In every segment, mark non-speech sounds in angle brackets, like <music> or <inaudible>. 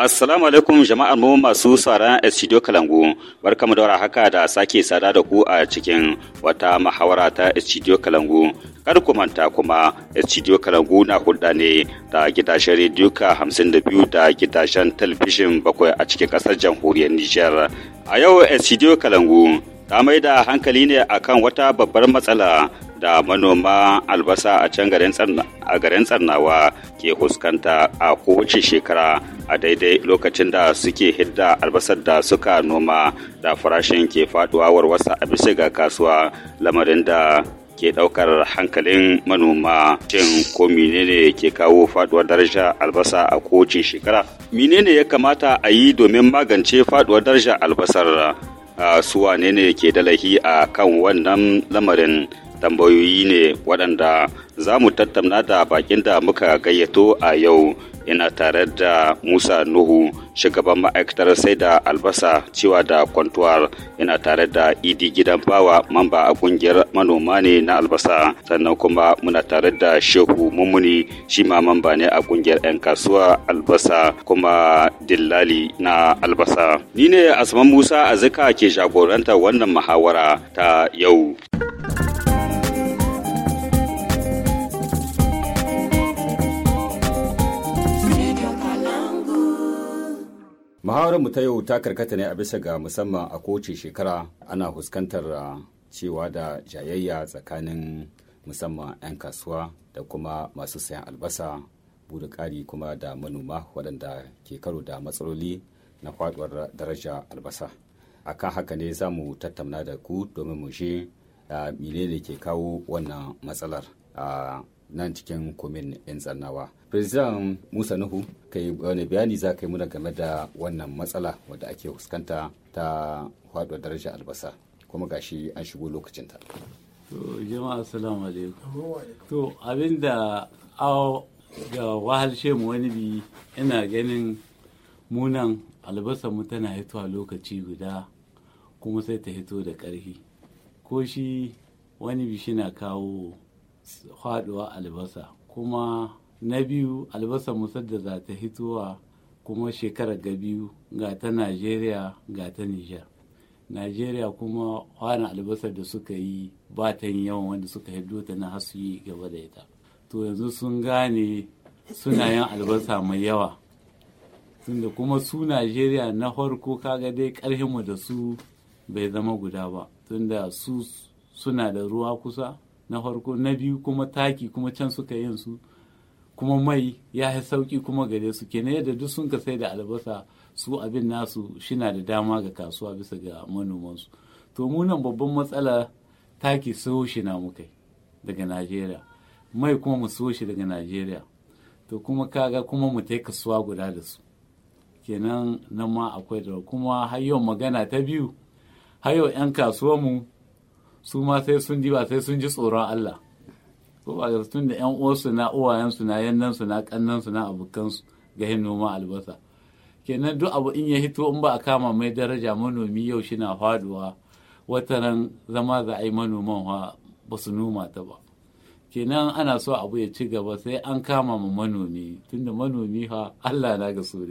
Assalamu alaikum jama'ar mu masu sauraron Studio Kalangu. Barkamu da haka da sake sada da ku a cikin wata muhawara ta Studio Kalangu. Kar ku manta kuma Studio Kalangu na hulɗa ne da gidajen rediyo ka 52 da gidashen talabijin bakwai a cikin ƙasar jamhuriyar Nijar. A yau Studio Kalangu ta mai da hankali ne akan wata babbar matsala da manoma albasa a can garin tsarnawa ke huskanta a kowace shekara a daidai lokacin da suke hidda albasar da suka noma da farashin ke faduwa warwasa a bisa ga kasuwa lamarin da ke daukar hankalin manoma cin ko menene ke kawo faduwar daraja albasa a koci shekara menene ya kamata a yi domin magance faduwar daraja albasar ah, su wane ne ke da lahi a kan wannan lamarin tambayoyi ne waɗanda za mu tattauna da bakin da muka gayyato a yau ina tare da musa nuhu shugaban ma'aikatar sai da albasa cewa da kwantuwar ina tare da idi gidan bawa mamba a kungiyar manoma ne na albasa sannan kuma muna tare da shehu mummuni shi ma mamba ne a kungiyar 'yan kasuwa albasa kuma dillali na albasa ni ne asman musa azika ke jagorantar wannan muhawara ta yau muhawararmu ta yau ta karkata ne a bisa ga musamman a kowace shekara ana fuskantar ah, cewa da jayayya tsakanin musamman 'yan kasuwa da kuma masu sayan albasa bude kari kuma da manoma waɗanda ke karo da matsaloli na faɗuwar daraja albasa a kan haka ne za mu tattauna da ku domin mu shi ah, menene ke kawo wannan matsalar a ah, nan cikin kumin 'yan tsannawa President Musa Nuhu kai wani bayani za ka yi muna game da wannan matsala wadda ake fuskanta ta faɗuwar daraja albasa kuma gashi an shigo lokacinta. To jama'a assalamu alaikum. To abinda au ga wahalshe mu wani bi ina ganin munan albasa mu tana hitowa lokaci guda kuma sai ta hito da ƙarfi. Ko shi wani bi shi na kawo faɗuwa albasa kuma na biyu albasa musar za ta hitowa kuma shekara ga biyu ga ta najeriya ga ta nijar najeriya kuma hana albasar da suka yi ba ta yawan wanda suka hiddo ta na hasu yi gaba da ita to yanzu sun gane suna yin albasa mai yawa tunda kuma su najeriya na farko kaga dai karhinmu da su bai zama guda ba tunda su suna da ruwa kusa na farko na biyu kuma taki kuma can suka yin su kuma mai ya yi sauki kuma gare su kenan yadda duk sun ka sai da albasa su abin nasu shina da dama ga kasuwa bisa ga manomansu to munan babban matsala taki so shi na muka daga najeriya mai kuma mu so shi daga najeriya to kuma kaga kuma mu ta kasuwa guda da su kenan nan ma akwai da kuma har yau magana ta biyu har yau 'yan mu su ma sai sun ji ba sai sun ji tsoron allah ko ba tun da yan uwansu na uwayensu na yannansu na kannansu na abokansu gahin noma albasa kenan duk abu in ya hito in ba a kama mai daraja manomi yau shi na faduwa wataran zama za a yi manoman ba su noma ta ba kenan ana so abu ya ci gaba sai an kama ma manomi tunda manomi ha Allah na ga so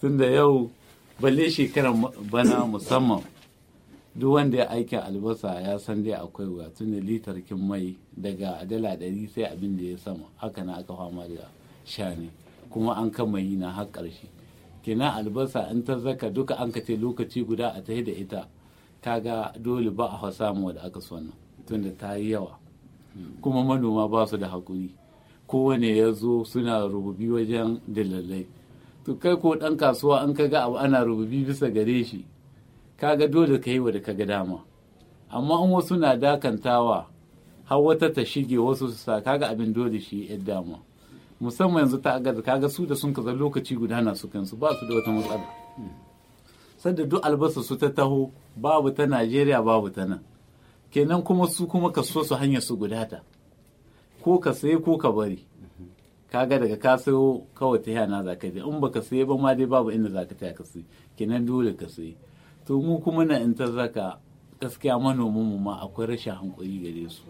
tunda yau balle shekaran bana musamman duk wanda ya aikin albasa ya san dai akwai wuya tunda litar kin mai daga dala ɗari sai abin da ya sama haka na aka fama da shani kuma an kama yi na har ƙarshe kenan albasa in ta zaka duka an kace lokaci guda a tahi da ita ta ga dole ba a mu da aka so nan tunda ta yi yawa kuma manoma ba su da hakuri kowane ya zo suna rububi wajen dalilai to kai ko ɗan kasuwa an ga abu ana rububi bisa gare shi kaga dole ka yi wa da ka ga dama amma in wasu na dakantawa har wata ta shige wasu su sa kaga abin dole shi ya dama musamman yanzu ta agaza kaga su da sun kaza lokaci guda na su kansu ba su da wata matsala sadda duk albasa su ta taho babu ta najeriya babu ta nan kenan kuma su kuma ka so su hanyar su guda ta ko ka saye ko ka bari kaga daga ka sayo kawai ta yana za ka je in ka saye ba ma dai babu inda za ka ta ka saye kenan dole ka saye to mu kuma na in ta zaka gaskiya manoman mu ma akwai rashin hankuri gare su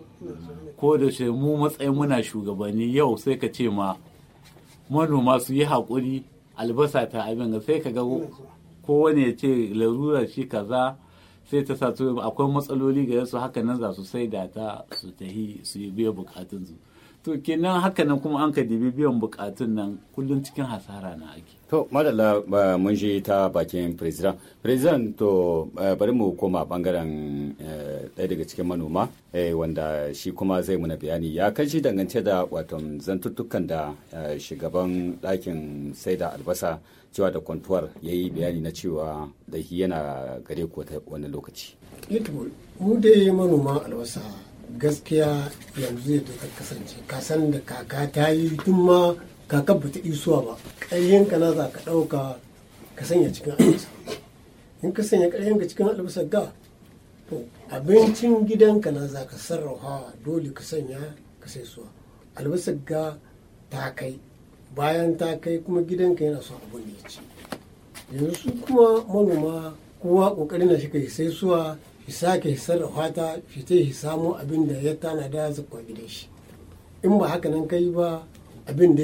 ko da sai mu matsayin muna shugabanni yau sai ka ce ma manoma su yi haƙuri albasa ta abin ga sai ka ga kowane ya ce larura shi kaza sai ta sa to akwai matsaloli gare su haka nan za su sai da ta su tahi su yi biya bukatun su to kenan haka nan kuma an ka dibi biyan bukatun nan kullum cikin hasara na ake To, madalla mun shi ta bakin president. President to eh, bari mu koma bangaren eh, ɗaya daga cikin manoma eh, wanda shi kuma zai muna bayani ya kan shi dangance da wato zantuttukan da shugaban ɗakin sai da albasa cewa da kwantuwar ya yi bayani na cewa da yana gare ku wani lokaci. mu dai manoma albasa gaskiya yanzu zai kasance kasan da kaka ta yi tun ma kakan ba ta isuwa ba ƙaryen ka na za ka ɗauka ka sanya cikin albasa in ka sanya ƙaryen ka cikin albasa ga to abincin gidanka na za ka sarrafa dole ka sanya ka sai suwa albasar ga ta kai bayan ta kai kuma gidan ka yana son abin da ci yanzu su kuma manoma kowa ƙoƙarin na shi ka sai suwa shi sake sarrafa ta shi ta yi samo abin da ya tanada zakwa gidan shi in ba haka nan kai ba abin da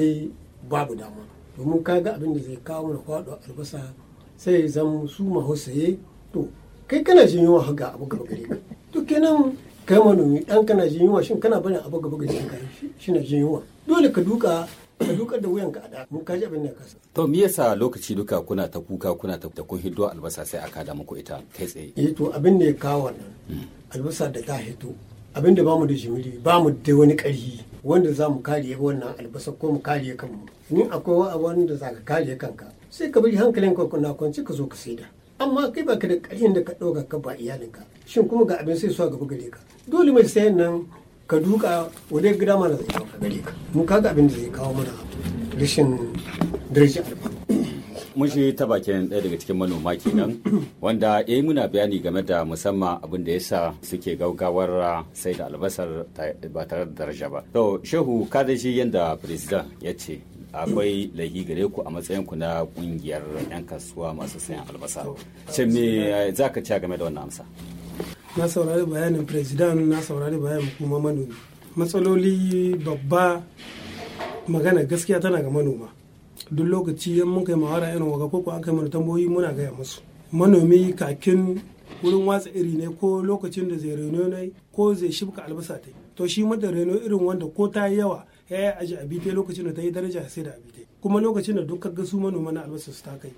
babu dama domin kaga abin da zai kawo mana kwaɗo albasa sai ya zama su mahausaye to kai kana jin yunwa haka abu gaba gare ka to kenan kai manomi dan kana jin yunwa shin kana barin abu gaba gare ka shina jin yunwa dole ka duka ka duka da wuyanka a da mun kaji abin da ka san to me yasa lokaci duka kuna ta kuka kuna ta kun hiddo albasa sai aka da muku ita kai tsaye eh to abin da ya kawo wannan hmm. albasa da ta hito abin da bamu da jimiri bamu da wani ƙarfi wanda za mu kare wannan albasa ko mu kan kanmu ni akwai wanda za ka kariye kanka sai ka bari hankalin ka na kwanci ka zo ka saida amma kai baka da karin da ka ɗauka ka ba iyalinka shin kuma ga abin sai suwa gaba gare ka dole mai sayan nan ka duka wadai gida mana zai kawo gare ka mu kaga abin da zai kawo mana rashin darajar alfa mun shi ta bakin ɗaya daga cikin manoma kenan <coughs> wanda ya eh, yi muna bayani game da musamman abin da ya sa suke gaugawar ah, sai da albasar ba tare da daraja ba to shehu ka da shi yadda president ya ce akwai laifi gare ku a matsayin ku na kungiyar 'yan kasuwa masu sayan albasa ce me eh, za ka ci game da wannan amsa na saurari bayanin president na saurari bayanin kuma manoma matsaloli babba magana gaskiya tana ga manoma duk lokaci yan mun kai mawara irin waga ko an kai mana tambayoyi muna gaya musu manomi kakin wurin watsa iri ne ko lokacin da zai reno ne ko zai shibka albasa ta to shi mada reno irin wanda ko ta yi yawa ya yi aji a bite lokacin da ta yi daraja sai da abite kuma lokacin da dukkan gasu manoma na albasa su ta kai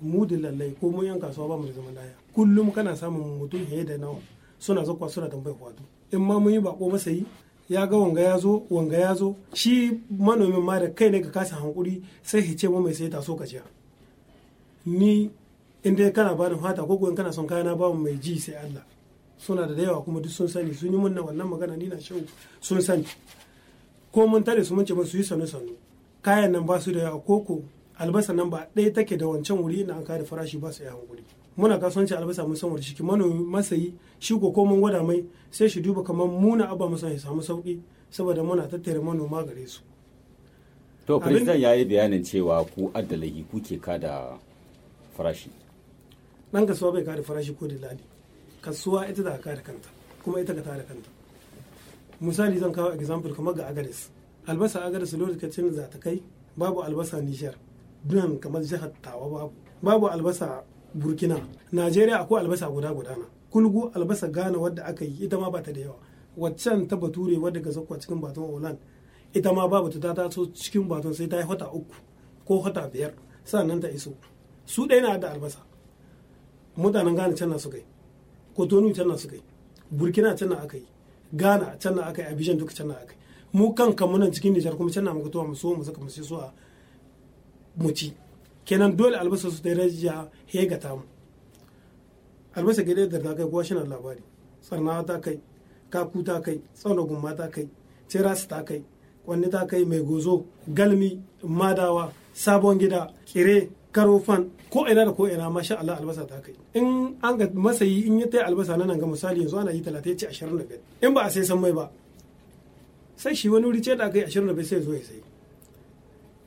mu da lallai ko mun yan kasuwa ba mu da zaman laya kullum kana samun mutum ya da nawa suna zakwa suna tambayar wato in ma mun yi bako masa yi ya ga wanga ya zo wanga ya zo shi manomin ma da kai ne ka kasa hankuri sai ya ce mai sai taso ka ni in dai kana bani fata ko kuwa kana son kayana ba mai ji sai Allah suna da yawa kuma duk sun sani sun yi munna wannan magana ni na shau sun sani ko mun tare su mun ce su yi sanu sanu kayan nan ba su da yawa ko albasa nan ba ɗaya take da wancan wuri na an kare farashi ba su yi hankuri muna kasuwanci albasa mun san wani manomi masayi shi ko komon gwada mai sai shi duba kamar muna abba mu ya samu sauki saboda muna tattare manoma gare su to president ya yi bayanin cewa ku addalahi kuke kada farashi dan kasuwa bai kada farashi ko da ladi kasuwa ita da kada kanta kuma ita ka tada kanta misali zan kawo example kamar ga agares albasa agares lokacin da ta kai babu albasa nijar dunan kamar jihar tawa babu babu albasa burkina najeriya akwai albasa guda guda na kulgu albasa ghana wadda aka yi ita ma bata da yawa waccan ta bature wadda ga zakwa cikin baton holland ita ma ba ta taso cikin baton sai ta yi hota uku ko hota biyar sannan ta iso su ɗaya na da albasa mutanen ghana can na suka yi kotonu can na suka yi burkina can na aka yi ghana can na aka yi abijan duka can na aka yi mu kan kamunan cikin nijar kuma can na ka tuwa mu so mu saka mu sai so a mu ci kenan dole albasa su daraja hega ta mu albasa gida da ta kai kowa shi labari tsarnawa ta kai kaku ta kai tsanogun ma ta kai tiras ta kai kwanne ta kai mai gozo galmi madawa sabon gida kire karofan ko ina da ko ina masha Allah albasa ta kai in an ga masayi in ya tai albasa nan ga misali yanzu ana yi 30 ya ci 25 in ba a sai san mai ba sai shi wani wuri ce da kai 25 sai zo ya sai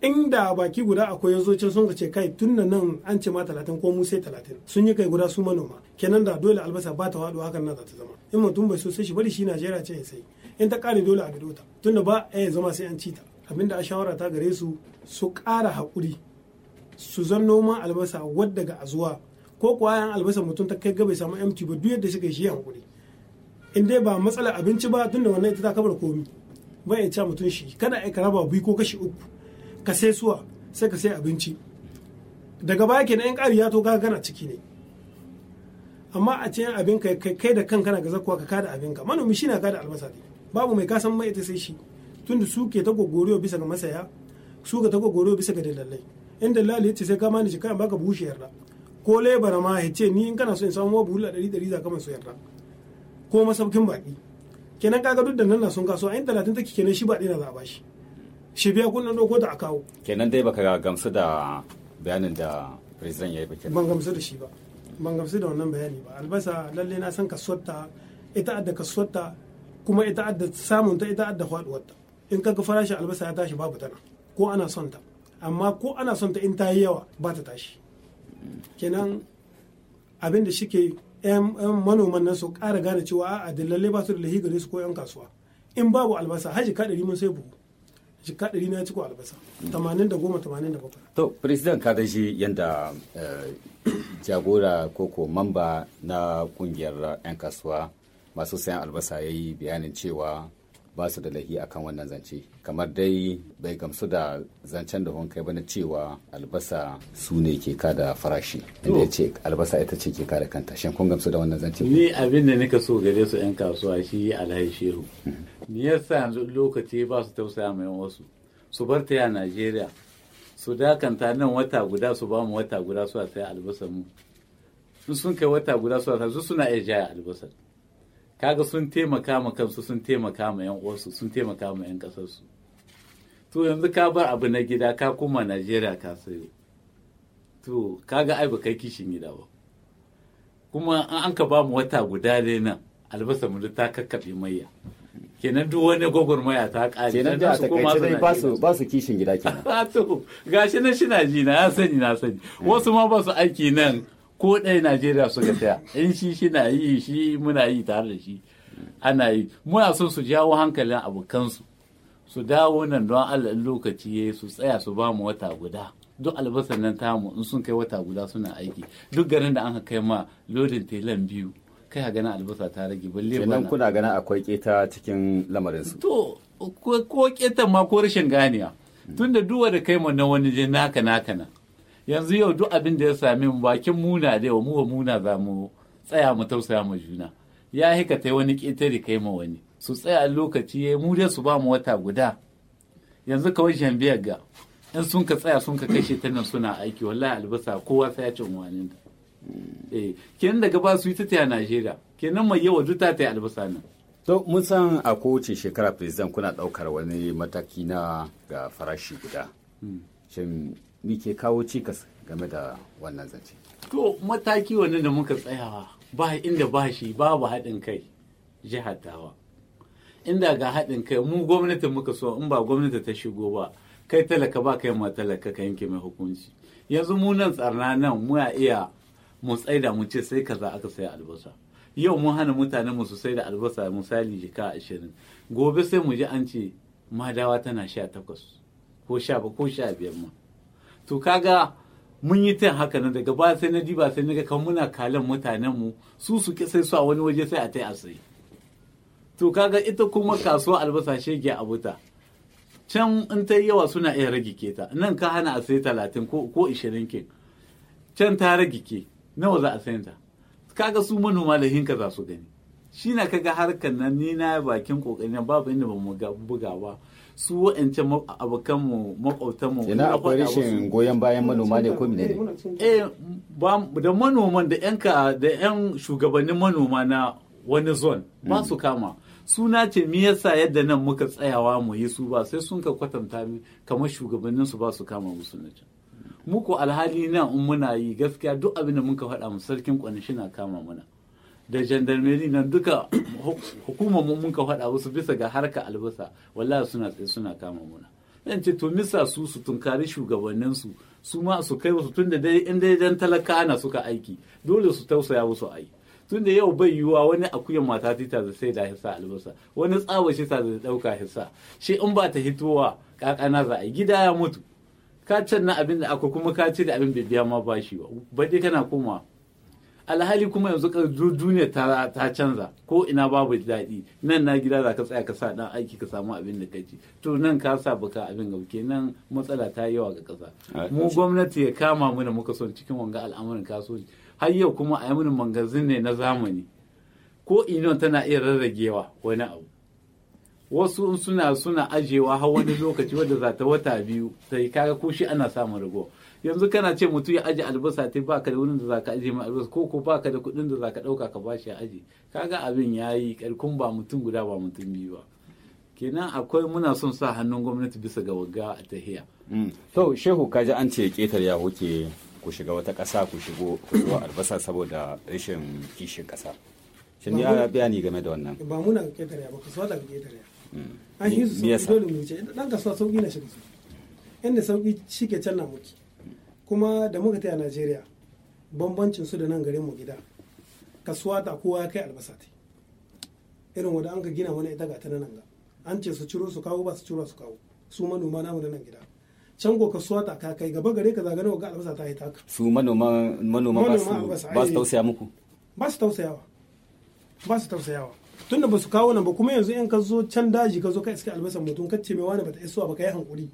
inda baki guda akwai yazo can sun ce kai tun nan an ce ma talatin ko mu sai talatin sun yi kai guda su manoma kenan da dole albasa ba ta hadu hakan na za ta zama in mutum bai so sai shi bari shi najeriya ce ya sai in ta kare dole a gado ta tunda ba a zama sai an ci ta abinda a shawara ta gare su su kara haƙuri su zan noman albasa wadda ga azuwa ko kwayan albasa mutum ta kai gaba samu mt ba duk yadda suka shi hakuri in dai ba matsala abinci ba tunda wannan ita ta kabar komi ba ya ca mutum shi kada a yi karaba biyu ko kashi uku ka sai suwa sai ka sai abinci daga baya kenan in ƙari ya to ka gana ciki ne amma a cikin abin kai kai da kan kana gaza kuwa ka kada abin ka manomi shi na kada albasa ne babu mai kasan mai ita sai shi tun su ke ta gogoriyo bisa ga masaya su ga ta gogoriyo bisa ga dalilai in dalilai ce sai ka mani shi kayan baka bushe yarda ko lebara ma ya ce ni in kana so in samu buhu la ɗari ɗari za ka yarda ko masaukin baƙi kenan kaga duk da nan na sun kaso a yin talatin take kenan shi ɗaya na za a bashi. shi biya kudin doko da a kawo kenan dai baka gamsu da bayanin da president ya yi bakin ban gamsu da shi ba ban gamsu da wannan bayani ba albasa lalle na san kasuwarta ita adda kasuwarta kuma ita adda samunta ita adda faduwarta in kaga farashi albasa ya tashi babu tana ko ana son ta amma ko ana son ta in ta yi yawa ba ta tashi kenan abin da shike yan manoman nan su kara gane cewa a'a da ba su da lahi gare su ko yan kasuwa in babu albasa haji ka ɗari mun sai buhu jika ɗari na ko albasa tamanin da goma tamanin da bakwai. to president ka shi yadda eh, jagora koko mamba na kungiyar 'yan kasuwa masu sayan albasa ya yi bayanin cewa ba su da lahi akan wannan zance kamar dai bai gamsu da zancen da kai ba na cewa albasa su ne ke kada farashi inda ya ce albasa ita ce ke kada kanta shin kun gamsu da wannan zance ni abin da nika so gare su yan kasuwa shi alhaji shehu mhm. ya sa yanzu lokaci ba su tausaya mai wasu su bar ta ya najeriya su dakanta nan wata guda su ba mu wata guda su a sai albasa mu sun kai wata guda su a suna iya jaya albasar kaga sun taimaka ma kansu sun taimaka ma yan uwarsu sun taimaka ma yan kasarsu to yanzu ka bar abu na gida ka kuma najeriya ka sayo to kaga ai ba kai kishin gida ba kuma an ka ba mu wata guda ne nan albasa mu ta kakkaɓe mayya kenan duk wani gwagwarmaya ta kare kenan da su kuma su ba su ba su kishin gida kenan <laughs> to gashi nan shina ji na sani na sani eh. wasu ma ba su aiki nan ko ɗaya najeriya suka taya in shi shi na yi shi muna yi tare da shi ana yi muna son su jawo hankalin abokansu su dawo nan don allah lokaci ya su tsaya su ba mu wata guda duk albasan nan ta mu in sun kai wata guda suna aiki duk garin da an kai ma lodin telan biyu kai ha gana albasa ta rage balle bana kuna gana akwai keta cikin lamarin su to ko keta ma ko rashin ganiya tunda duwa da kai na wani je naka naka na yanzu yau duk abin da ya sami mu bakin muna da yawa muwa muna za mu tsaya mu tausaya ma juna ya hika ta wani ƙetare kai ma wani su tsaya lokaci ya mu dai su ba mu wata guda yanzu kawai jambiyar ga in sun ka tsaya sun ka kashe ta nan suna aiki wallahi albasa kowa sai ya cin wani eh kenan daga ba su yi ta taya Najeriya kenan mai yawa duk ta taya albasa nan to mun san a kowace shekara president kuna ɗaukar wani mataki na ga farashi guda hmm. shin me ke kawo cikas game da wannan zance to mataki wannan da muka tsayawa ba inda ba shi babu haɗin kai jihar tawa inda ga haɗin kai mu gwamnati muka so in ba gwamnati ta shigo ba kai talaka ba kai ma talaka ka yanke mai hukunci yanzu mu nan tsarna nan muna iya mu tsaida mu ce sai kaza aka sai albasa yau mun hana mutane mu su sai da albasa misali jika ashirin gobe sai mu ji an ce madawa tana sha takwas ko sha ba ko sha biyar ma to kaga mun yi ta haka nan daga ba sai na diba sai na ga muna kalan mutanen mu su su ki sai su a wani waje sai a tai a sai to kaga ita kuma kasuwa albasa shege a buta can in ta yawa suna iya rage ta nan ka hana a sai talatin ko ishirin ke can ta rage nawa za a sayan ta kaga su manoma da hinka za su gani shi na kaga harkar nan ni na bakin kokarin babu inda ba mu buga ba su wa'ancan abokanmu makwautanmu ina akwai rashin goyon bayan manoma ne ko mine ne eh da manoman da yan da yan shugabannin manoma na wani zone ba hmm. su kama suna ce me yasa yadda nan muka tsayawa mu yi su ba sai sun ka kwatanta kamar shugabannin su ba su kama musu na can muku alhali nan in muna yi gaskiya duk abin da muka faɗa mu sarkin kwanishi na kama muna. da jandarmeri nan duka hukumar mu mun ka faɗa musu bisa ga harka albasa wallahi suna tsaye suna kama muna zan ce to misa su su tunkari shugabannin su su ma su kai wasu tunda dai in dai dan talaka ana suka aiki dole su tausaya musu ai tunda yau bai yiwuwa wani akuyan mata tita da sai da hissa albasa wani tsawa shi ta da ɗauka hissa shi in ba ta hitowa kakana za a yi gida ya mutu ka can na abin da akwai kuma ka ce da abin bai biya ma bashi ba dai kana komawa alhali kuma yanzu ka duniya ta canza ko ina babu daɗi nan na gida za ka tsaya ka sa dan aiki ka samu abin da ka ci to nan ka sa baka abin ga nan matsala ta yi yawa ga ƙasa mu gwamnati ya kama mana muka son cikin wanga al'amuran kasuwanci har yau kuma a yi mini mangazin ne na zamani ko ina tana iya rarragewa wani abu wasu suna suna ajewa har wani lokaci wadda za ta wata biyu ta yi kaga ko shi ana samun rago yanzu kana ce mutum ya aji albasa ta ka da wurin da ka aji mai albasa ko ko ka da kuɗin da za ka ɗauka ka bashi ya aji kaga abin ya yi karkun ba mutum guda ba mutum biyu ba kenan akwai muna son sa hannun gwamnati bisa ga wagga a tahiya mm. to shehu kaji an ce ketar ya wuce ku shiga wata ƙasa ku shigo albasa saboda rashin kishin ƙasa shin ya ni game da wannan ba muna ketar ya ba kasuwa daga ketar ya mm. an yi su sauki dole mu wuce dan kasuwa sauki na shiga su inda sauki shi ke can na muke kuma da muka ta a najeriya bambancin su da nan garin mu gida kasuwa ta kowa kai albasa ta irin wanda an ka gina wani ita ga ta nan ga an ce su ciro su kawo ba su ciro su kawo su manoma namu na nan gida can go kasuwa ta ka kai gaba gare ka zagana ga albasa ta yi taka su manoma manoma ba su eh. tausaya muku ba su tausayawa ba su tausayawa tunda ba su kawo nan ba kuma yanzu in ka zo can daji ka zo ka iske albasa mutum ka ce mai wani ba ta iso ba ka yi hankuri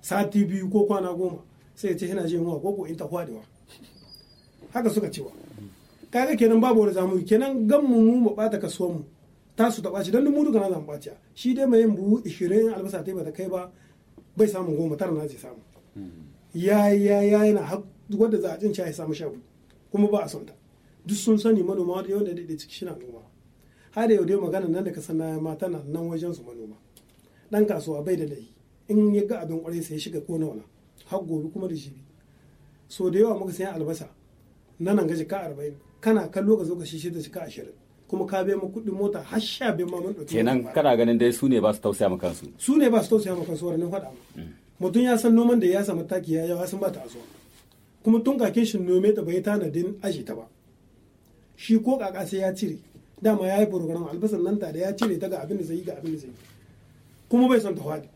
sati biyu ko kwana goma sai ya ce yana jin ko koko in ta wa haka suka cewa kaga kenan babu wani zamu kenan gan mu mu bata kasuwar mu tasu ta ɓaci don mu duka na zan ɓaci shi dai mai yin buhu 20 albasa ta bata kai ba bai samu goma tara na zai samu ya ya ya yana wanda za a cin ya samu sha kuma ba a son ta duk sun sani manoma wanda yawan da daidai ciki shi na noma har da yau dai magana nan da ka san na mata na nan wajen su manoma dan kasuwa bai da dai in ya ga abin kwarai sai ya shiga ko na wala har gobe kuma da shi so da yawa muka sayan albasa na nan gaji ka arba'in kana kallo ka zo ka shi da ka ashirin kuma ka bai kuɗin mota har sha bai ma mun ɗauki kenan kana ganin dai su ne ba su tausaya ma kansu su ne ba su tausaya ma kansu wannan faɗa mm. mutum ya san noman da ya samu taki ya yawa sun ba ta azo kuma tun kakin shi nome ta bai tanadin aji ta ba shi ko kaka sai ya cire dama ya yi program albasan nan ta da ya cire ta ga abin da zai ga abin da zai kuma bai son ta faɗi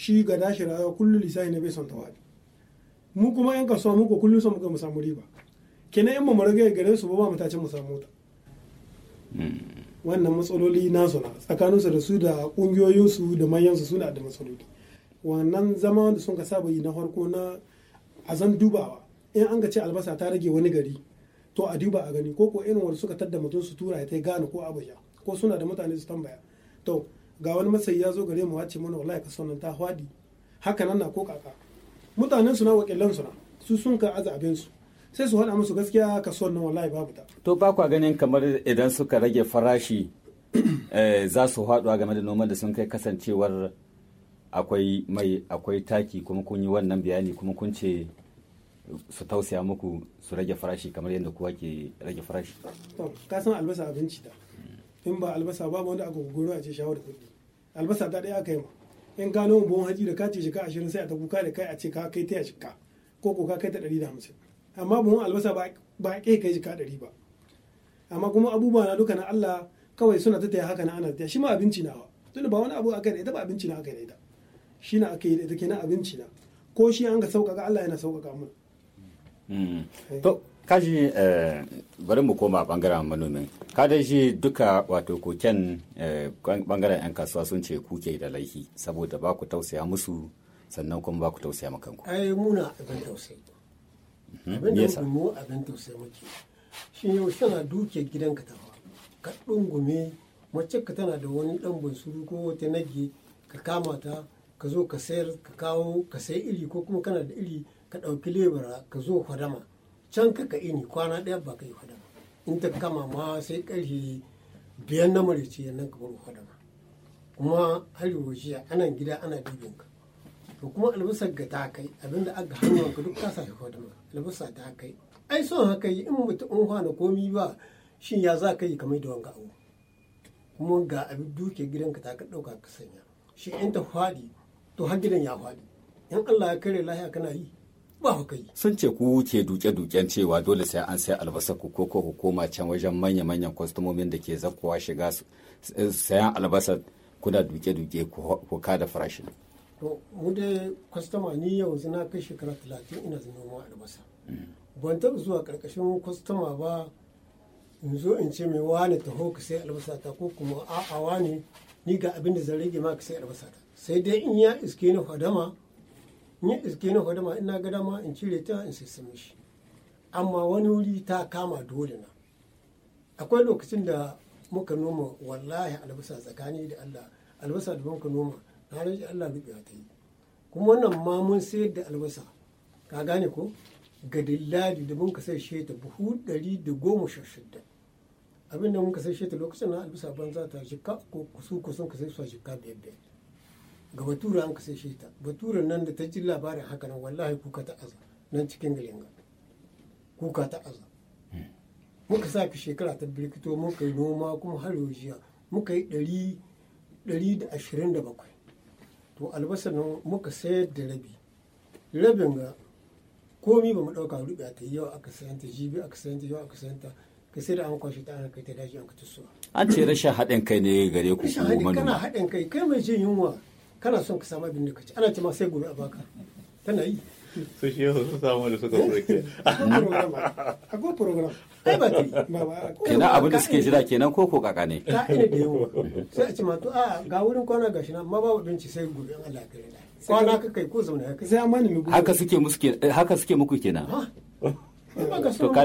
shi ga dashi rayuwa kullum lisa na bai son tawali mu kuma yan kasuwa muku kullum son muka mu samu riba kenan yan mu rage gare su ba ba mutace mu samu ta hmm. wannan matsaloli nasu na tsakaninsu da su da kungiyoyinsu da manyan su suna da matsaloli wannan zama da sun ka saba yi na farko na a zan dubawa in an ga ce albasa ta rage wani gari to a duba a gani ko ko irin wanda suka tadda mutum su tura ya ta gane ko abuja ko suna da mutane su tambaya to ga wani masayi ya zo gare mu wace mana wallahi kaso nan ta hwadi haka nan na ko kaka mutanen su na wakilan su na su sun ka aza abin su sai su haɗa musu gaskiya kaso nan wallahi babu ta to ba kwa ganin kamar idan suka rage farashi <coughs> eh, za su haɗuwa game da noman da sun kai kasancewar akwai mai akwai taki kuma kun yi wannan bayani kuma kun ce su tausaya muku su rage farashi kamar yadda kowa ke rage farashi. ka san albasa abinci ta in ba albasa ba wanda aka gogoro a ce shawar kuɗi albasa ta ɗaya aka yi ma in ka noma buhun haji da ka ce shika ashirin sai a ta kuka da kai a ce ka kai ta shika ko ko ka kai ta ɗari da hamsin amma buhun albasa ba a ƙe kai shika ɗari ba amma kuma abubuwa na duka na Allah kawai suna ta taya haka na ana ta shi ma abinci na tunda ba wani abu aka da ita ba abinci na aka yi da ita shi na aka yi da ita kenan abinci na ko shi an ga sauƙaƙa Allah yana sauƙaƙa mun. Mm. Eh. to kaji eh, bari mu koma bangaren manomin kada shi duka wato koken eh, bangaren 'yan kasuwa sun ce kuke da laifi saboda ba ku tausaya musu sannan kuma ba ku tausaya makanku ai muna abin tausayi mhm, abin da mu abin tausayi muke shi yau na duke ka tafa ka dungume mace ka tana da wani dan bunsuru ko wata nage ka kama ta ka zo ka sayar ka kawo ka sayi iri ko kuma kana da iri ka ɗauki lebura ka zo kwadama can ka ini kwana ɗaya ba ka yi fada in ta kama ma sai ƙarfi biyan na marici nan ka bar fada ma kuma har wajiya ana gida ana dubin ka to kuma albasar ga ta kai abinda aka hannu ka duk ka sa fada ma ta kai ai son haka yi in mutu in kwana komi ba shin ya za ka yi kamar da wanga abu kuma ga abin duke gidanka ta ka ɗauka ka sanya shi in ta faɗi to har gidan ya faɗi in Allah ya kare lahiya kana yi ba ku kai sun ce ku ke duke-duken cewa dole sai an sai albasa ku ko hukuma can wajen manya-manyan kwastomomin da ke zakkowa shiga eh, sayan albasa kuna duke-duke ku kada farashin to mu da kwastoma ni yau zina kai shekara talatin ina noma albasa mm. ban taɓa zuwa ƙarƙashin kwastoma ba in zo in ce mai wani taho ka sai albasa ta ko kuma a'a wani ni ga abin da zan rage ma ka sai albasa ta sai dai in ya iske ni fadama ni iske na huduma ina ga dama in cire ta in sissime shi amma wani wuri ta kama dole na akwai lokacin da muka noma wallahi albasa tsakani da Allah albasa da muka noma na rage Allah rubewa ta yi kuma wannan ma mun sayar da albasa ka gane ko ga dillali da muka sai sheta buhu ɗari da goma sha shida abin da muka sai sheta lokacin na albasa banza ta shika ko kusu kusan ka sai su jika biyar biyar ga batura an kasance ta baturan nan da ta ji labarin haka nan wallahi kuka ta aza nan cikin galinga kuka ta aza muka sa ka shekara ta birkito muka yi noma kuma har jiya muka yi ɗari da ashirin da bakwai to albasa nan muka sayar da rabi rabin ga komi ba mu ɗauka a ta yau aka ta jibi aka ta yau aka ta ka sai da an kwashe ta an kai ta daji an ka tusuwa. an ce rashin haɗin kai ne gare ku kuma manoma. rashin haɗin kai kana haɗin kai kai mai jin yunwa kana son ka samu abin da kaci ana ce ma sai gobe a baka tana yi su shi yau su samu da suka furke <laughs> a go program ai ba ta ba kenan abin da suke jira kenan ko ko kaka ne ka ina da yawa sai a ce ma to a ga wurin kwana gashi na ma ba abinci sai gobe an Allah kare kwana ka kai ko zauna ka sai amma ne haka suke musu eh, haka suke muku kenan to ka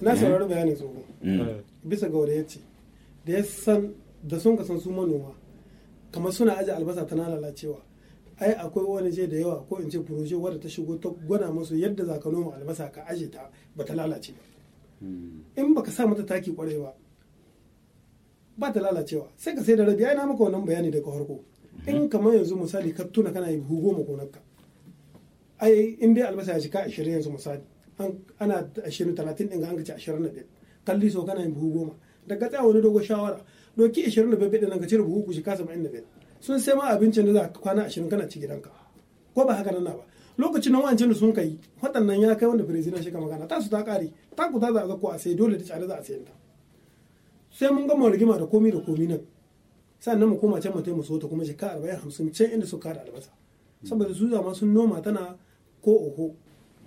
na saurari bayanin tsoro hmm. bisa ga wanda ya ce da ya san da sun ka san su manoma kamar suna aje albasa tana lalacewa ai akwai wani ce da yawa ko in ce furoje wadda ta shigo ta gwada musu yadda za ka noma albasa ka aje ta ba ta lalace ba hmm. in ba ka sa mata taki kwarai ba ba ta lalacewa sai ka sai da rabi ai na maka wannan bayani daga farko hmm. in kamar yanzu misali ka tuna kana yin buhu goma gonarka ai in dai albasa ya shiga ashirin yanzu misali ana ashirin talatin ɗin ga an ka ci ashirin na biyar, kalli so kana yin hugo goma daga tsaya wani dogon shawara doki 20 bai nan ka cire buhu kushi kasa ma'in da bai sun sai ma abincin da za ka kwana 20 kana ci gidanka ko ba haka nan ba lokacin nan wancan sun kai waɗannan ya kai wanda firizina shi kama magana ta su ta kare ta ku ta za a ko a sai dole da tsare za a sayan ta sai mun gama rigima da komi da komi nan sannan mu koma can mu taimu so kuma shekara 40 hamsin can inda su kara albasa saboda su zama sun noma tana ko oho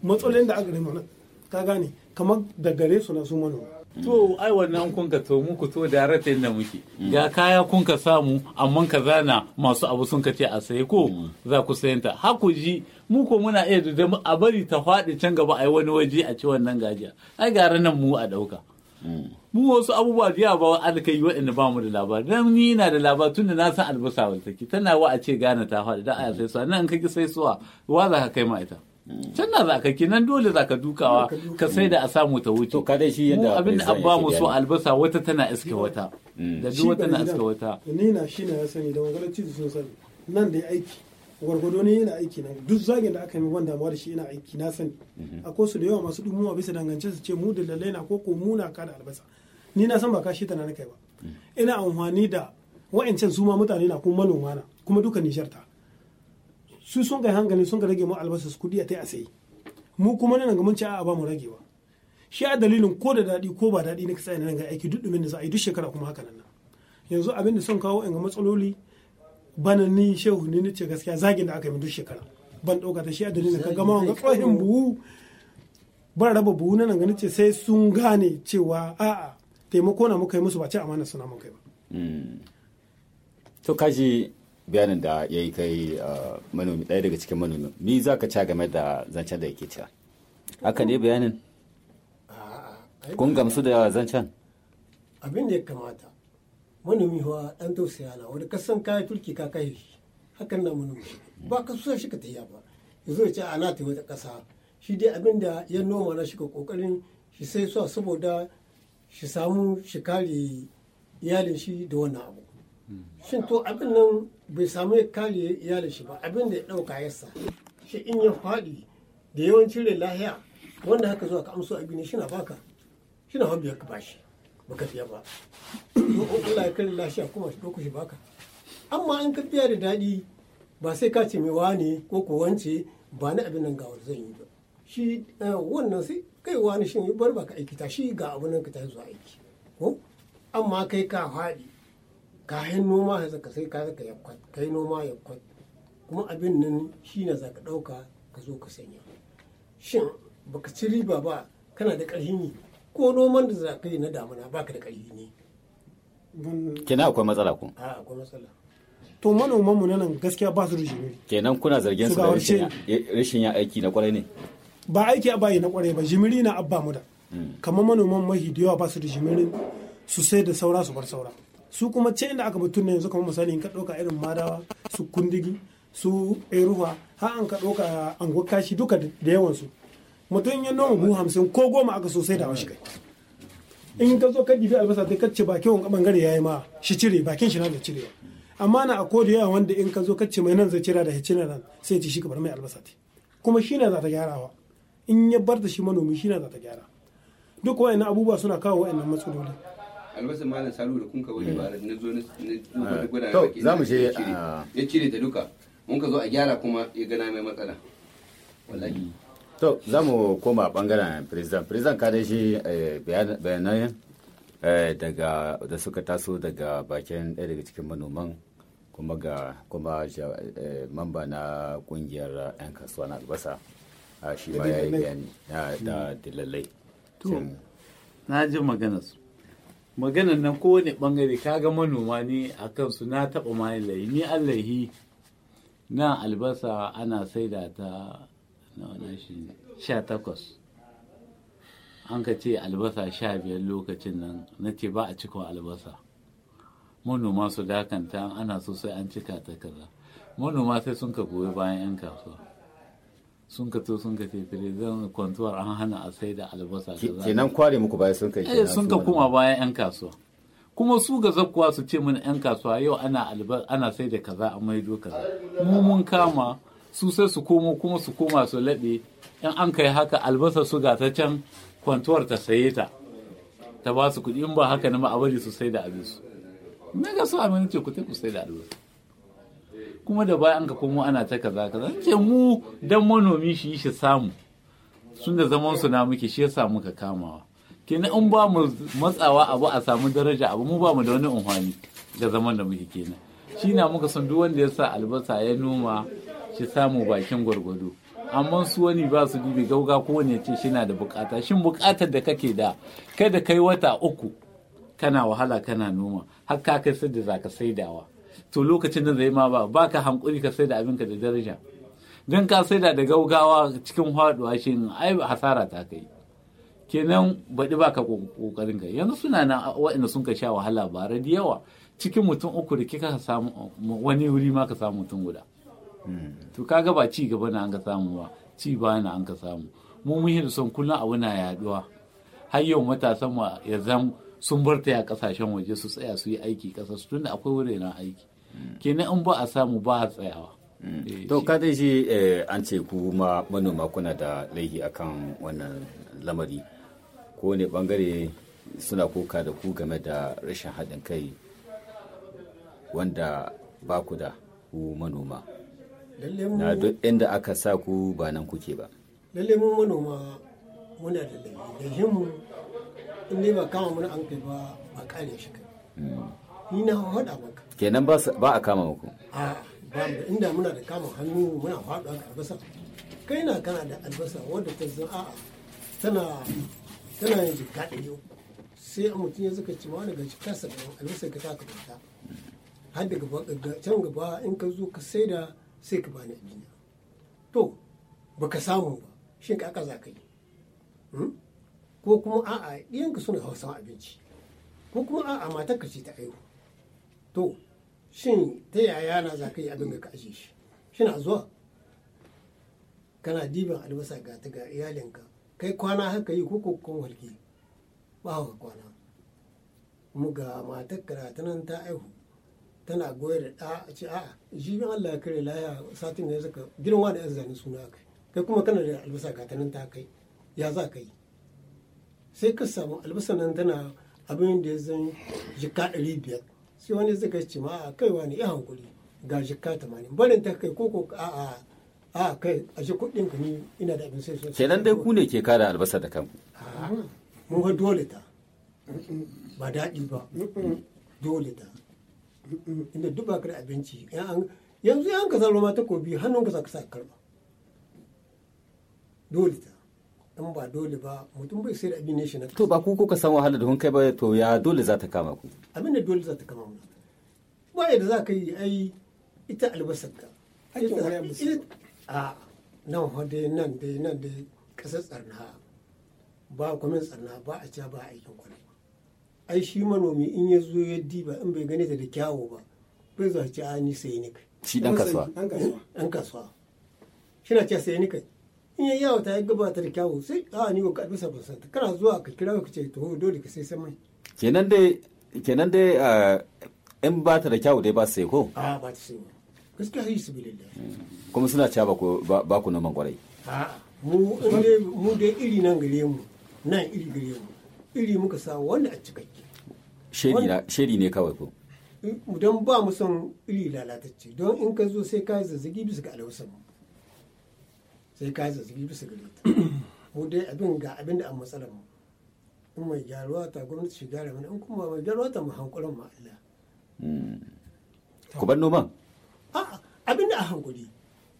matsalolin da aka rima nan ka gane kamar da gare su na su manoma to ai wannan kun ka to muku to da rata da muke ga mm. kaya kun ka samu amma ka zana masu abu sun ka ce a saye ko mm. za ku sayan ta haku ji mu muna iya da a bari ta faɗi can gaba a yi wani waje a ci wannan gajiya ai gara nan mu a ɗauka mm. mu wasu abubuwa da yawa ba alkai waɗanda ba mu da labari dan ni na da labari tun da na san albasa wata take tana wa a ce gane ta faɗi da a sai suwa nan kake sai suwa wa za ka kai ma ita na za ka nan dole za ka dukawa ka sai da a samu ta wuce to dai shi yadda abin da abba mu so albasa wata tana iska wata mm. da duk wata na iska wata ni na shi na sani da wani titi sun sani nan da aiki gwargwado ne yana aiki na duk zagin da aka yi wanda damuwa da shi yana aiki na sani mm-hmm. akwai su da yawa masu dumuwa bisa dangance su ce mu da lalle na ko ko mu na kada albasa ni na san ba ka shi tana na kai ba mm. ina amfani da wa'ancan su ma mutane na kuma manoma na kuma duka ta su sun kai hankali sun ka rage mu albasa su kudi a ta sai mu kuma nan ga mun ci a ba mu ragewa shi a dalilin ko da daɗi ko ba daɗi na kasa nan ga aiki duk da za a yi duk shekara kuma haka nan yanzu abin da sun kawo in ga matsaloli bana ni shehu ni nace gaskiya zagin da aka yi duk shekara ban dauka ta shi a dalilin ka gama ga tsohin buhu ban raba buhu nan ga nace sai sun gane cewa a'a taimako na muka yi musu ba ce amana suna muka yi ba. Hmm. to kaji bayanin da ya yi kai uh, manomi ɗaya daga cikin manomi ni za ka ci game da zancen da yake cewa haka ne bayanin kun gamsu da zancen abin da ya kamata manomi wa ɗan tausaya na wani kasan kaya turki ka kai hakan na manomi ba ka so shi ka tafiya ba ya zo ya ce ana ta wata ƙasa shi dai abin da ya noma na shi ka ƙoƙarin shi sai so saboda shi samu shi kare iyalin shi da wannan abu shin to abin nan bai samu ya kare iyalin shi ba abin da ya ɗauka yasa shi in ya faɗi da yawancin rai lahiya wanda haka zuwa ka amso abin ne shina baka shina hau ba ka bashi baka fiya ba to in Allah ya kare lahiya kuma shi ɗauko shi baka amma in ka fiya da daɗi ba sai ka ce mai wani ko ko wance ba na abin nan ga wani zan yi ba shi eh, wannan sai kai wani shi bar baka aiki ta shi ga abin nan ka ta zuwa aiki ko amma kai ka faɗi yi noma ya zaka sai ka zaka yakwat kai noma yakwat kuma abin nan shine zaka dauka ka zo ka sanya shin baka ci riba ba kana da ƙarfi ne ko noman da zaka yi na damuna baka da ƙarfi ne kina akwai matsala ko a akwai matsala to manoman mu nan gaskiya ba su rushe kenan kuna zargin su da rashin ya aiki na kwarai ne ba aiki a bayi na kwarai ba jimiri na abba mu da hmm. kamar manoman mahi da yawa ba su da jimirin su sai da saura su bar saura su kuma can inda aka batun yanzu kamar misali in ka ɗauka irin madawa su kundigi su eruwa har an ka ɗauka an kashi duka da yawan su mutum ya noma buhu hamsin ko goma aka sosai da washi kai in ka zo ka dibi albasa ta kacce bakin wani bangare ya yi ma shi cire bakin shi na da cirewa amma na a kodiya wanda in ka zo kacce mai nan zai cira da hicina nan sai ci shi kamar mai albasa ta kuma shi na za ta gyarawa in ya bar da shi manomi shi na za ta gyara duk wa'annan abubuwa suna kawo wa'annan matsaloli albasa malam salu da kunka wani ba na zo na gwada na baki za je ah. ya cire ta duka mun ka zo a gyara kuma ya gana mai matsala wallahi to za mu koma bangaren president president ka dai shi eh, bayanan eh, daga da suka taso daga bakin ɗaya daga cikin manoman kuma ga kuma eh, mamba na kungiyar 'yan kasuwa na albasa ah, shi ma ya yi bayani ah, da hmm. dillalai na ji magana su. maganan nan kowane bangare kaga manoma ne a kansu na taba ma layi ni allahi na albasa ana saida ta na wani an ka ce albasa sha biyar lokacin nan na ce ba a cikin albasa manoma su dakanta ana so sai an cika ta kaza manoma sai sun ka goyi bayan 'yan kasuwa sun ka to sun ka ce zan kwantuwar an hana a sai da albasa kenan kware muku baya sun kai eh, kenan sun ka kuma bayan yan kasuwa kuma su ga zakkuwa su ce mana yan kasuwa yau ana ana sai da kaza a maido kaza mu mun kama su sai su komo kuma su koma su laɓe in an kai haka albasa su ga ta can kwantuwar ta saye ta ta ba su kuɗi in ba haka na ma a bari su sai da abin su me ga su amince ku ku sai da albasa kuma da bayan ka komo ana ta kaza kaza in ce mu dan manomi shi shi samu sun da zaman su na muke shi yasa muka kamawa kenan in ba mu matsawa abu a samu daraja abu mu ba mu da wani unhwani ga zaman da muke kenan shi na muka san duk wanda yasa albasa ya noma shi samu bakin gwargwado amma su wani ba su dibi gauga ko wani ce shi na da bukata shin bukatar da kake da kada kai wata uku kana wahala kana noma har ka kai da zaka saidawa to lokacin da zai ma ba ba ka hankuri ka sai da abin ka da daraja don ka sai da da gaugawa cikin haɗuwa shi ai hasara ta kai kenan baɗi ba ka ƙoƙarin ka yanzu suna nan waɗanda sun ka sha wahala ba da yawa cikin mutum uku da kika samu wani wuri ma ka samu mutum guda hmm. to kaga ba ci gaba na an ka samu ba ci ba na an ka samu mu muhimmin son kullum abu na yaduwa har yau matasan mu ya zama. sun bar ta ya kasashen waje su tsaya su yi aiki kasa su tunda akwai wuri na aiki kenan in ba a samu ba a tsayawa eh, to ka dai shi eh, an ce ku ma manoma kuna da laihi akan wannan lamari ko ne bangare suna koka da ku game da rashin haɗin kai wanda ba ku da ku manoma na duk inda aka sa ku ba nan kuke ba lallai mu manoma muna da laihi in dai ba kama mana an kai ba ba kare shi kai hmm. ni na hada maka kenan ba a kama muku a ba inda muna da kama hannu muna faɗuwa ka albasa kai na kana da albasa wanda ta zan a'a tana tana yin jikka ɗari sai a mutum ya zaka ci ma daga gaji kasa da albasa ka taka bauta har da can gaba in ka zo ka saida sai ka bani abin to baka samu ba shin ka aka za ka yi hmm? ko kuma a'a ɗiyanka suna hausa abinci ko kuma a'a matarka ce ta aihu to shin ta yaya na za ka yi abin da ka ajiye shi na zuwa kana diban albasa ga ta ga iyalinka kai kwana haka yi ko kuma halki ba haka kwana mu ga matarka ta nan ta aihu tana goya da ɗa a ce a'a jibin Allah kare laya satin da ya zaka girma da yan zane suna kai kai kuma kana da albasa ga ta nan ta kai ya za ka yi sai ka samu albasa nan tana abin da ya zan jika ɗari biyar sai wani zai kai ma a kai wani ya hankuri ga jika tamanin barin ta kai koko a a a kai a shi kuɗin ka ni ina da abin sai sosai kenan dai ku ne ke kada albasa da kanku mun ga dole ta ba daɗi ba dole ta inda duk ba ka abinci yanzu an ka zaro ma takobi hannun ka za ka sa karba dole ta in ba dole ba mutum bai sayar abin ne shi na to ba ku kuka san wahala da kun kai ba to ya dole za ta kama ku abin da dole za ta kama mu ba yadda za ka yi ai ita albasar ka a nan hode nan da nan da kasar tsarna ba kwamin tsarna ba a ca ba aikin kwanan ai shi manomi in ya zo ya diba in bai gane ta da kyawu ba bai zuwa ci a ni sai ni kai shi dan kasuwa dan kasuwa shi na ce sai ni kai in ya yawata ta yi gaba da kyawu sai a ni ko karbi sabon santa kana zuwa ka kira ka ce to dole ka sai samai kenan dai kenan dai in ba ta da kyawu dai ba sai ko a ba ta sai gaskiya sai su bilillah kuma suna ci ba ku ba ku noman kwarai a mu mu dai iri nan gare mu nan iri gare mu iri muka sa wanda a cikakke shedi ne kawai ko don ba mu son iri lalatacce don in ka zo sai ka zazzagi bisa ga alhausa mu sai ka yi zazzabi bisa gare ta ko dai abin ga abin da an matsalar mu in mai gyaruwa ta gwamnati shi gyara mana in kuma mai gyaruwa ta mu hankulan ma Allah ku bar noma abin da a hankuli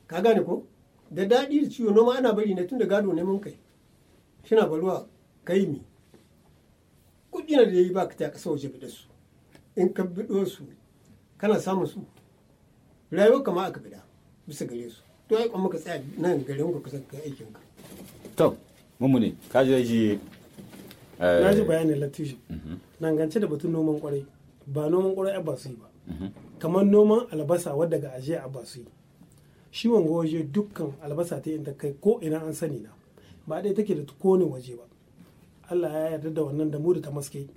ka gane ko da daɗi da ciwo noma ana bari ne tun da gado ne mun kai shina baruwa kai mi kuɗi na da ya yayi baka ta ƙasa waje bida su in ka bido su kana samun su rayuwa kama aka bida bisa gare su to ai kuma ka tsaya nan garin ku kusa ka aikin ka to mamu ne ka ji ji eh, na ji bayanin latishi mhm. dangance da batun noman kwarai ba noman kwarai ba su yi ba mhm. kamar noman albasa wadda ga ajiya ba su yi shi wanga waje dukkan albasa ta inda kai ko ina an sani na ba dai take da kowane waje ba Allah ya yarda da wannan da mu da ta maske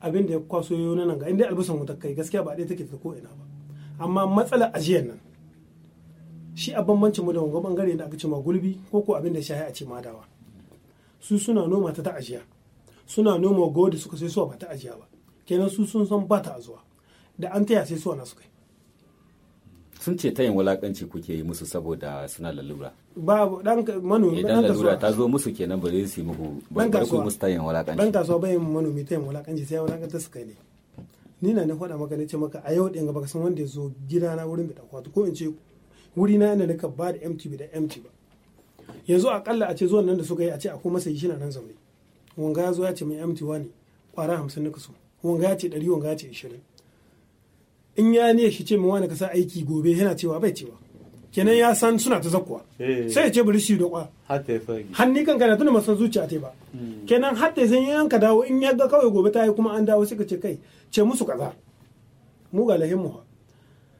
abin da ya kwaso yoyo nan ga inda albasan ta kai gaskiya ba dai take da ko ina ba amma matsalar ajiyar nan shi a bambancin mu da wanga bangare da aka ce ma gulbi ko ko abin da shahi a ce madawa su suna noma ta ta'ajiya ajiya suna noma go da suka sai suwa ba ta ajiya ba kenan su sun san ba ta azuwa da an taya sai suwa na suka sun ce yin wulakanci kuke yi musu saboda suna lalura ba dan manomi dan lalura ta zo musu kenan bare su muku ba su musu yin wulakanci dan kasuwa bayin manomi yin wulakanci sai wulakanta suka ne ni na ne faɗa maka ne ce maka a yau ɗin ga baka san wanda ya zo gidana wurin bi ɗauka ko in ce wuri na yana nika ba da empty da empty ba yanzu akalla a ce zuwan nan da suka yi a ce akwai masa shi na nan zaune wanga ya zo ya ce mai empty ne kwara hamsin na kaso wanga ya ce ɗari wanga ya ce ishirin in ya ne shi ce mai wani kasa aiki gobe yana cewa bai cewa kenan ya san suna ta zakkuwa eh. sai ya ce bari shi dokwa hannu kanka na tuna masan zuciya ta ba hmm. kenan har zan san yanka dawo in ya ga kawai gobe ta yi kuma an dawo suka ce kai ce musu kaza mu ga lahin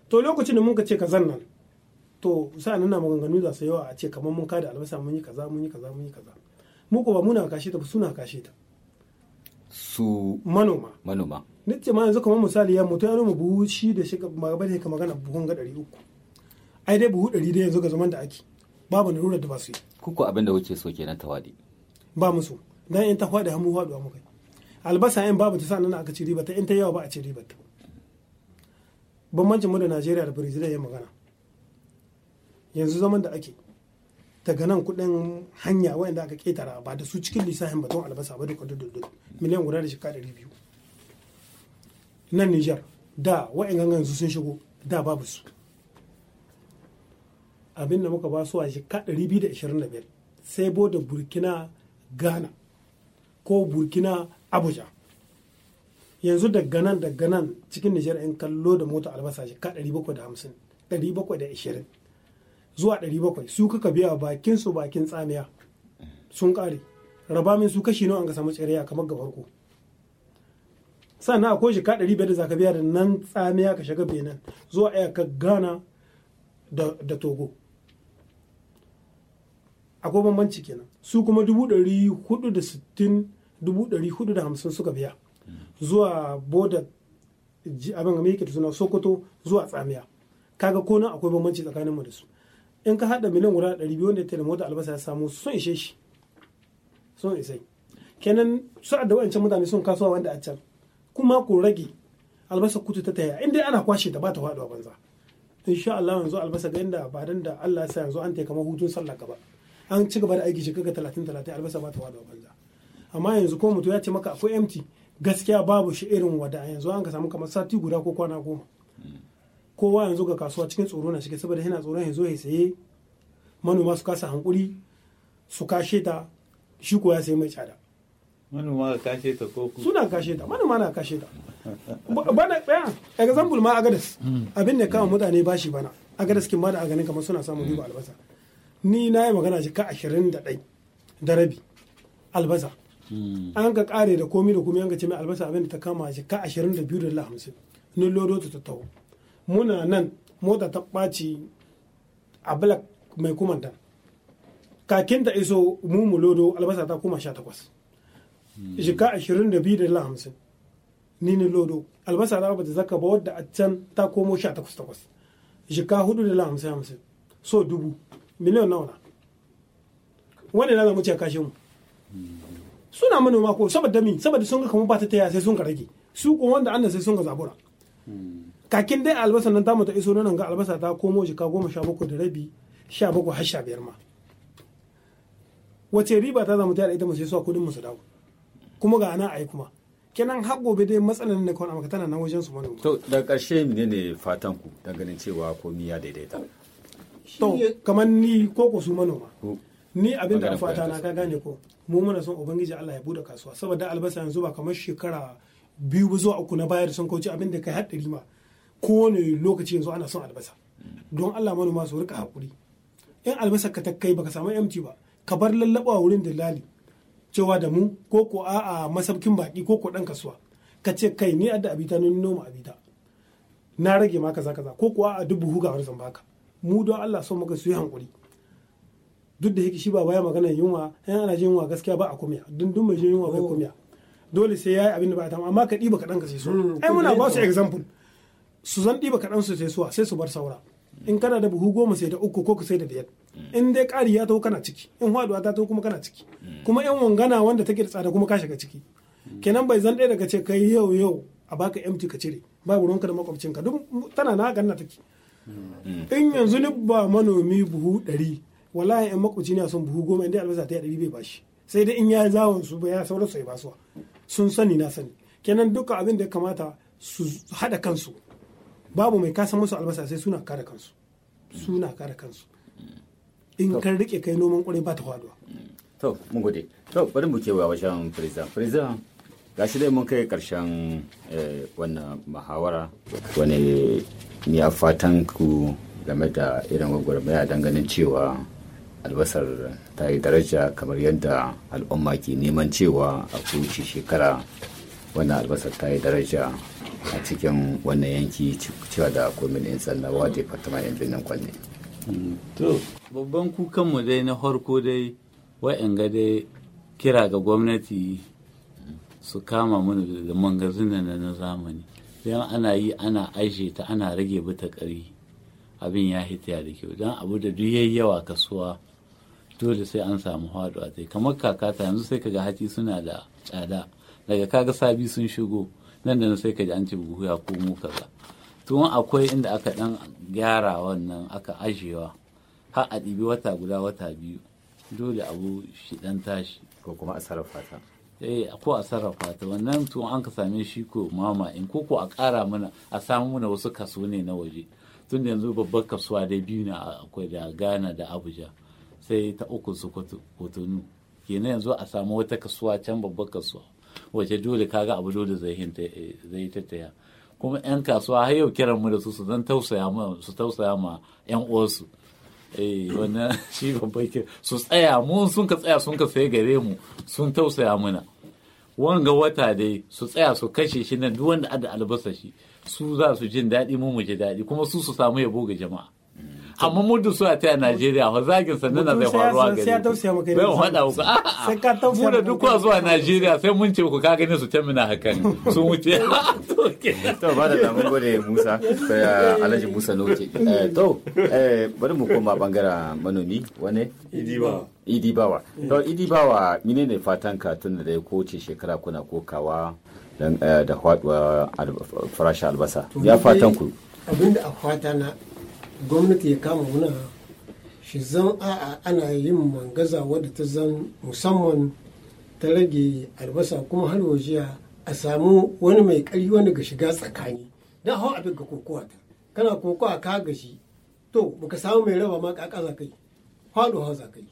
to lokacin da mun ka ce kazan nan to sa'an na maganganu za su yawa a ce kamar mun kada albasa mun yi kaza mun yi kaza mun yi kaza mu ko ba muna kashe ta suna kashe ta su manoma manoma ni ce ma yanzu kamar misali ya mutu ya nuna buhu shi da shi ba da ka magana buhun ga ɗari uku ai dai buhu ɗari dai yanzu ga zaman da ake babu narurar da ba su yi kuku abin da kuke so kenan tawadi ba musu dan in ta fada hamu faɗuwa muka albasa in babu ta sa nan aka ci riba ta in ta yawa ba a ci riba ta bambancin mu da Najeriya da Brazil ya magana yanzu zaman da ake daga nan kudin hanya wayanda aka ketara ba da su cikin lissafin baton albasa ba da kwadududu miliyan guda da shekara ɗari biyu nan Nijar da wa'in su sun shigo da babu su abin da muka ba su a shekara ɗari biyu da ashirin da biyar sai bo da burkina ghana ko burkina abuja yanzu daga nan daga nan cikin Nijar in kallo da mota albasa shekara ɗari bakwai da hamsin ɗari bakwai da ashirin zuwa 700 su kuka biya bakin su bakin tsamiya sun kare raba min su kashi nawa an ga samu tsariya kamar ga farko sannan akwai shika 500 da zaka biya da nan tsamiya ka shiga benin zuwa ka gana da togo akwai bambanci kenan su kuma 460 suka biya zuwa boda abin ga suna sokoto zuwa tsamiya kaga ko nan akwai bambanci tsakaninmu da su in ka haɗa miliyan guda ɗari biyu wanda ya da mota albasa ya samu sun ishe shi sun isa kenan sa'ad da wa'ancan mutane sun kasuwa wanda a can kuma ku rage albasa kutu ta taya inda ana kwashe ta ba ta faɗuwa banza insha Allah yanzu albasa ga inda ba dan da Allah ya sa yanzu an kamar hutun sallah gaba an ci gaba da aiki shi kaga talatin talatin albasa ba ta faɗuwa banza amma yanzu ko mutum ya ce maka akwai empty gaskiya babu shi irin wada yanzu an ka samu kamar sati guda ko kwana goma kowa yanzu ga kasuwa cikin tsoro na shige saboda yana tsoron ya zo ya saye manoma su kasa hankuri su kashe ta shi ko ya sayi mai tsada manoma ga kashe ta ko ku suna kashe ta manoma na kashe ta bana daya example ma agadas abin ne kama mutane bashi bana agadas kin ma da ganin kamar suna samun riba albasa ni na yi magana ka 21 da rabi albasa hmm. an ka kare da komi da komi an ka ce mai albasa abin da ta kama ka 22 da 50 ni lodo ta tattawo muna nan mota ta ɓaci a black mai kumanta kakin ta iso mu mu lodo albasa ta kuma sha takwas hmm. jika ashirin da biyu da dala hamsin ni ni lodo albasa ta ba ta zaka ba wadda a can ta komo sha takwas takwas jika hudu da dala hamsin hamsin so dubu miliyan nawa na wani na zama ce kashe mu hmm. suna manoma ko saboda min saboda sun ga kamar ba ta taya sai sun ka rage su ko wanda annan sai sun ga zabura hmm. kakin dai albasa nan ta mata iso nan ga albasa ta komo jika goma sha bakwai da rabi sha bakwai har sha biyar ma wace riba ta zamu ta ita mu sai kudin mu su dawo kuma ga ana ayi kuma kenan har gobe dai matsalar da kawai amurka tana nan wajen su manoma to da ne ne fatan ku da ganin cewa komai ya daidaita to kamar ni ko ko su manoma ni abin da fata na ka gane ko mu muna son ubangiji Allah ya bude kasuwa saboda albasa yanzu ba kamar shekara biyu zuwa uku na bayar sun kauce abin da kai haɗari ma kowane lokaci yanzu ana son albasa don Allah manoma su rika hakuri yan albasa ka kai baka samu MT ba ka bar lallaba wurin dalali cewa da mu ko ko a masaukin baki ko ko dan kasuwa ka ce kai ni adda abita ni noma abita na rage ma kaza kaza ko ko a dubu huga har zan baka mu don Allah son maka su yi hankuri duk da yake shi ba baya magana yunwa yan ana jin yunwa gaskiya ba a kumiya dun dun mai jin yunwa bai kumiya dole sai yayi abin da ba ta amma ka diba kadan ka sai so hmm, ai muna ba su example su zan ɗiba kaɗan su sai suwa sai su bar saura in kana da buhu goma sai da uku ko ka sai da biyar in dai ƙari ya taho kana ciki in haɗuwa ta taho kuma kana ciki kuma yan wangana wanda take da tsada kuma ka shiga ciki kenan bai zan ɗaya daga ce kai yau yau a baka empty ka cire babu ruwanka da makwabcinka duk tana na ganna take in yanzu ni ba manomi buhu ɗari wallahi in makwabci ne son buhu goma in dai albasa ta yi ɗari bai bashi sai dai in ya zawon su ba ya sauransu ya basuwa sun sani na sani kenan duka abin da ya kamata su haɗa kansu babu mai kasa musu albasa sai suna kare kansu suna kare kansu in kan rike kai noman kwarai ba ta faduwa to mun gode to bari mu kewa wajen president president gashi dai mun kai karshen eh, wannan muhawara wani ni a fatan ku game da irin gwagwarmaya danganin cewa albasar ta yi daraja kamar yadda al'umma ke neman cewa a kuci shekara wannan albasar ta yi daraja a cikin wannan yanki cewa da komin yan wa da fatima yan binnan kwalle. to babban kukanmu dai na farko dai wa'yan ga dai kira ga gwamnati su kama mana da mangazinan na zamani don ana yi ana aje ta ana rage bata kari abin ya hitiya da kyau don abu da duk yawa kasuwa dole sai an samu haɗuwa kamar kakata yanzu sai kaga haci suna da tsada daga kaga sabi sun shigo nan da sai ka ji an ce buhu ya komo kaza tun akwai inda aka dan gyara wannan aka ajiyewa har a ɗibi wata guda wata biyu dole abu shi dan tashi ko kuma a sarrafa ta eh ko a sarrafa ta wannan tun an ka same shi ko mama in ko ko a ƙara mana a samu mana wasu kaso ne na waje tun da yanzu babbar kasuwa dai biyu ne akwai da Ghana da Abuja sai ta uku su Kotonu kenan yanzu a samu wata kasuwa can babbar kasuwa wace dole kaga abu dole zai yi tattaya kuma 'yan kasuwa har yau kiran mu da su su zan tausaya ma su tausaya ma 'yan uwarsu eh, wannan <laughs> shi babban su tsaya mu sun ka tsaya sun ka sai gare mu sun tausaya mana wanga wata dai su tsaya su kashe shi nan duk wanda ada albasa shi su za su jin daɗi mu mu ji daɗi kuma su su samu yabo ga jama'a amma so suna ta Najeriya ba zagin sannan na zai faruwa gari. Sai ya tausaya maka ne. Bai wada ku. Sai ka tausaya. Mu da duk zuwa Najeriya sai mun ce ku ka gani su ta mina hakan <laughs> sun wuce. <laughs> To ba da damun gode Musa Alhaji Musa Loke. Eh, to eh, bari mu koma bangaren manomi wane? Idiba. Idibawa. To Idibawa ne fatan ka tun da ya koce shekara kuna kokawa eh, da faduwa farashin albasa. Ya fatan ku. da a fata na gwamnati ya kama muna shi zan a'a ana yin mangaza wadda ta zan musamman ta rage albasa kuma har wajiya a samu wani mai ƙari wani ga shiga tsakani don hau abin ga kokowa ta kana kokowa ka gashi to baka samu mai raba ma kaka za kai faɗo hau za kai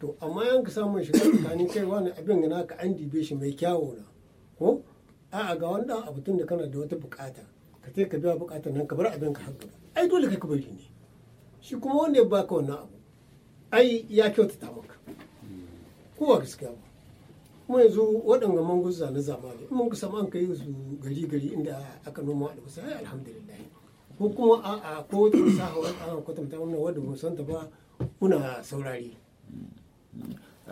to amma yanka ka samu mai shiga tsakani kai wani abin ga ka an dibe shi mai kyawo na ko a'a ga wanda abu tun da kana da wata bukata ka ce ka biya bukatar nan ka bar abin ka haka ai dole kai ka bari ne shi kuma wanda ya baka wannan abu ai ya kyautata maka kowa gaskiya ba kuma yanzu waɗanda manguza na zamani in mun ma an kai su gari gari inda aka noma albasa ai alhamdulillah ko kuma a'a ko wata fasaha wata an kwatanta wannan wanda ba san ta ba muna saurari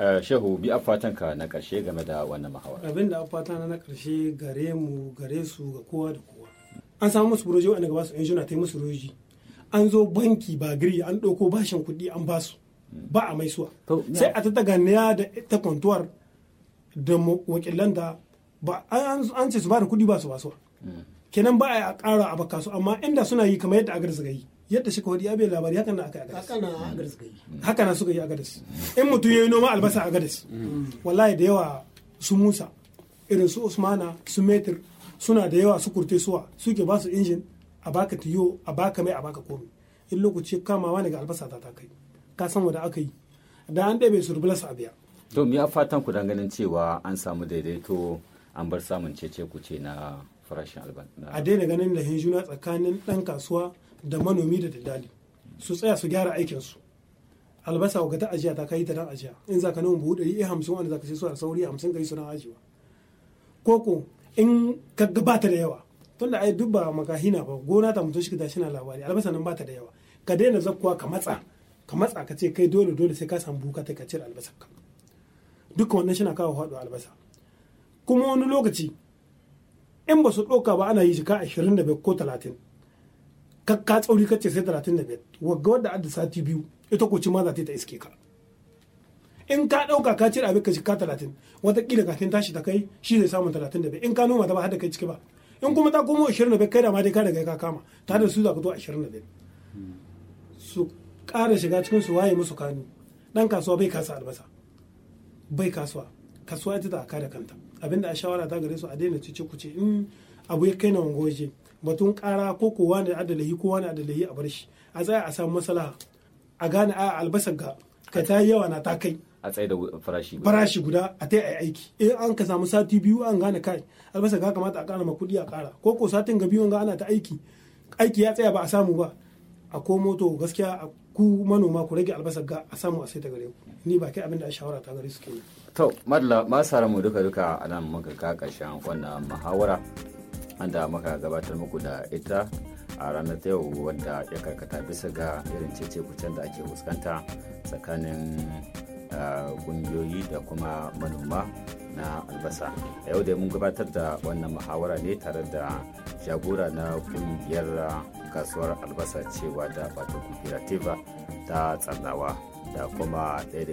eh, shehu bi ka na ƙarshe game da wannan mahawar. abin da na ƙarshe gare mu gare su ga kowa da kowa an samu musu buroji wanda ba su yan shuna ta musu roji an zo banki ba giri an ɗauko bashin kuɗi an ba su ba a maisuwa sai a ta niya da ta kwantuwar da wakilanta ba an ce su ba da kuɗi ba su suwa kenan ba a ƙara a baka su amma inda suna yi kamar yadda agar suka yi yadda shi kawai abin labari hakan na aka agar haka na suka yi agadis in mutum ya yi noma albasa agadis mm. wallahi da yawa su musa irin su usmana su metir suna da yawa su kurte suwa suke ba su injin a baka tiyo a baka mai a baka komi in lokaci kamawa daga albasa ta kai ka san wanda aka yi da an ɗebe su rubula a biya. to ya fatan ku ganin cewa an samu daidaito an bar samun cece ku ce na farashin alban. a daina ganin da hinjuna tsakanin ɗan kasuwa da manomi da daddali su tsaya su gyara aikinsu albasa ga ta ajiya ta kai ta dan ajiya in za ka nuna buhu ɗari iya hamsin wanda za ka su a sauri hamsin kai su na ajiyewa koko in ka gabata da yawa tunda ai duk ba makahina ba gona ta mutum shi da shi na labari albasa nan bata da yawa ka daina zakkuwa ka matsa ka matsa ka ce kai dole dole sai ka samu buka ta ka cire albasa ka duka wannan na kawo haɗu albasa kuma wani lokaci in ba su ɗauka ba ana yi shi ka 25 ko 30 ka ka tsauri ka ce sai 35 wadda adda sati biyu ita ko ci ma za ta iske ka in ka ɗauka ka cire abin ka jika talatin watakila kafin tashi ta kai shi ne samun talatin da bai in ka noma ta ba har da kai ciki ba in kuma ta komo ashirin da bai kai da ma dai ka daga ka kama ta da su za ka to ashirin da bai su ƙara shiga cikin su waye musu kanu ɗan kasuwa bai kasa albasa bai kasuwa kasuwa ita ta kada kanta abinda a shawara ta gare su a daina cice kuce in abu ya kai na wangoje batun ƙara ko kowa ne adalahi kowa ne adalahi a bar shi a tsaya a samu masala a gane a albasar ga ka ta yawa na ta kai a tsaye da farashi guda farashi guda a ta yi aiki in eh, an ka samu sati biyu an gane kai albasa ga kamata a kara ma kuɗi a kara ko ko satin ga biyu ga ana ta aiki aiki ya tsaya ba a samu ba a ko moto gaskiya a ku manoma ku rage albasa ga a samu a sai ta gare ku ni ba kai abin a shawara ta gare su kenan to madalla sara mu duka duka a nan muka ka karshen wannan muhawara an da muka gabatar muku da ita a ranar ta yau wadda ya karkata bisa ga irin cece kucin da ake fuskanta tsakanin kungiyoyi da kuma manoma na albasa yau da mun gabatar da wannan muhawara ne tare da jagora na kungiyar kasuwar albasa cewa da bato cooperativa ta tsarnawa da kuma ɗaya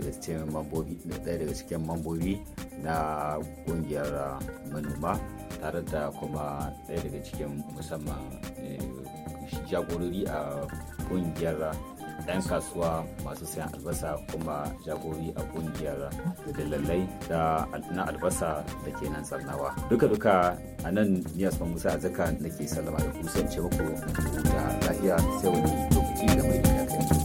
daga cikin mambobi na kungiyar manoma tare da kuma ɗaya daga cikin musamman eh, jagorori a kungiyar 'yan kasuwa masu sayan albasa kuma jagori a kungiyar dalilai da na albasa da ke nan tsarnawa duka-duka a nan niyas musa a zaka nake sallama da kusance muku da lafiya sai wani lokaci da mai kai